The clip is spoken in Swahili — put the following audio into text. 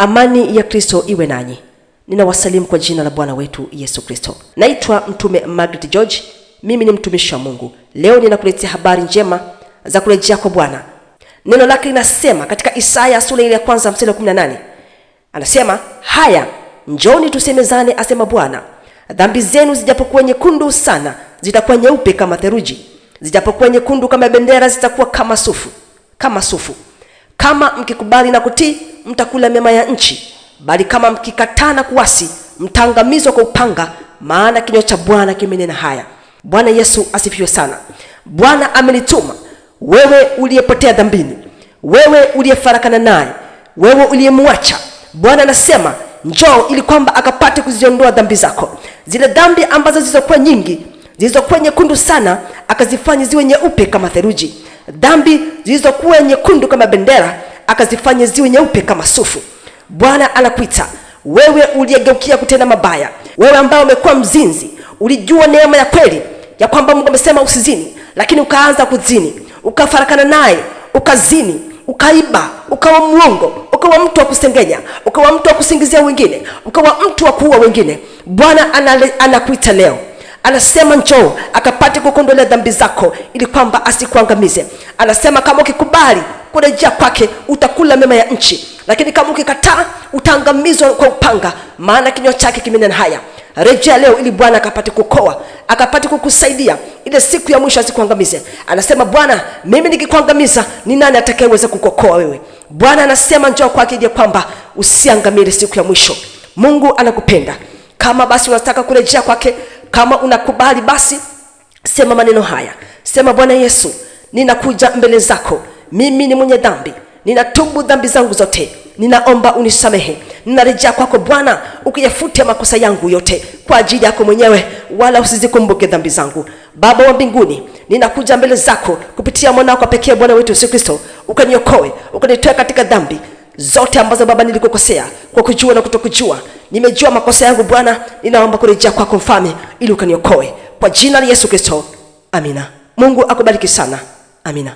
Amani ya Kristo iwe nanyi. Ninawasalimu kwa jina la Bwana wetu Yesu Kristo. Naitwa Mtume Margaret George, mimi ni mtumishi wa Mungu. Leo ninakuletea habari njema za kurejea kwa Bwana. Neno lake linasema katika Isaya sura ile ya kwanza mstari wa 18, anasema haya, njoni tusemezane, asema Bwana, dhambi zenu zijapokuwa nyekundu sana zitakuwa nyeupe kama theruji, zijapokuwa nyekundu kama bendera zitakuwa kama sufu, kama sufu. Kama mkikubali na kutii mtakula mema ya nchi, bali kama mkikatana kuasi, mtaangamizwa kwa upanga, maana kinywa cha Bwana kimenena haya. Bwana Yesu asifiwe sana. Bwana amenituma wewe uliyepotea dhambini, wewe uliyefarakana naye, wewe uliyemwacha. Bwana anasema njoo, ili kwamba akapate kuziondoa dhambi zako, zile dhambi ambazo zilizokuwa nyingi, zilizokuwa nyekundu sana, akazifanya ziwe nyeupe kama theluji, dhambi zilizokuwa nyekundu kama bendera akazifanye ziwe nyeupe kama sufu. Bwana anakuita wewe uliyegeukia kutenda mabaya, wewe ambaye umekuwa mzinzi. Ulijua neema ya kweli ya kwamba Mungu amesema usizini, lakini ukaanza kuzini, ukafarakana naye, ukazini, ukaiba, ukawa mwongo, ukawa mtu wa kusengenya, ukawa mtu wa kusingizia wengine, ukawa mtu wa kuua wengine. Bwana anakuita ana leo, anasema njoo akapate kukondolea dhambi zako, ili kwamba asikuangamize. Anasema kama ukikubali kurejea kwake, utakula mema ya nchi, lakini kama ukikataa utaangamizwa kwa upanga, maana kinywa chake kimenena haya. Rejea leo ili Bwana akapate kukoa, akapate kukusaidia, ile siku ya mwisho asikuangamize. Anasema Bwana, mimi nikikuangamiza ni nani atakayeweza kukokoa wewe? Bwana anasema njoo kwake ili kwamba usiangamile siku ya mwisho. Mungu anakupenda. Kama basi unataka kurejea kwake, kama unakubali basi sema maneno haya. Sema Bwana Yesu, ninakuja mbele zako mimi ni mwenye dhambi, ninatubu dhambi zangu zote, ninaomba unisamehe, ninarejea kwako Bwana, ukiyafute makosa yangu yote kwa ajili yako mwenyewe, wala usizikumbuke dhambi zangu. Baba wa mbinguni, ninakuja mbele zako kupitia mwana wako pekee, Bwana wetu Yesu Kristo, ukaniokoe, ukanitoe katika dhambi zote ambazo Baba nilikukosea kwa kujua na kutokujua. Nimejua makosa yangu Bwana, ninaomba kurejea kwako Mfalme, ili ukaniokoe kwa jina la Yesu Kristo, amina. Mungu akubariki sana, amina.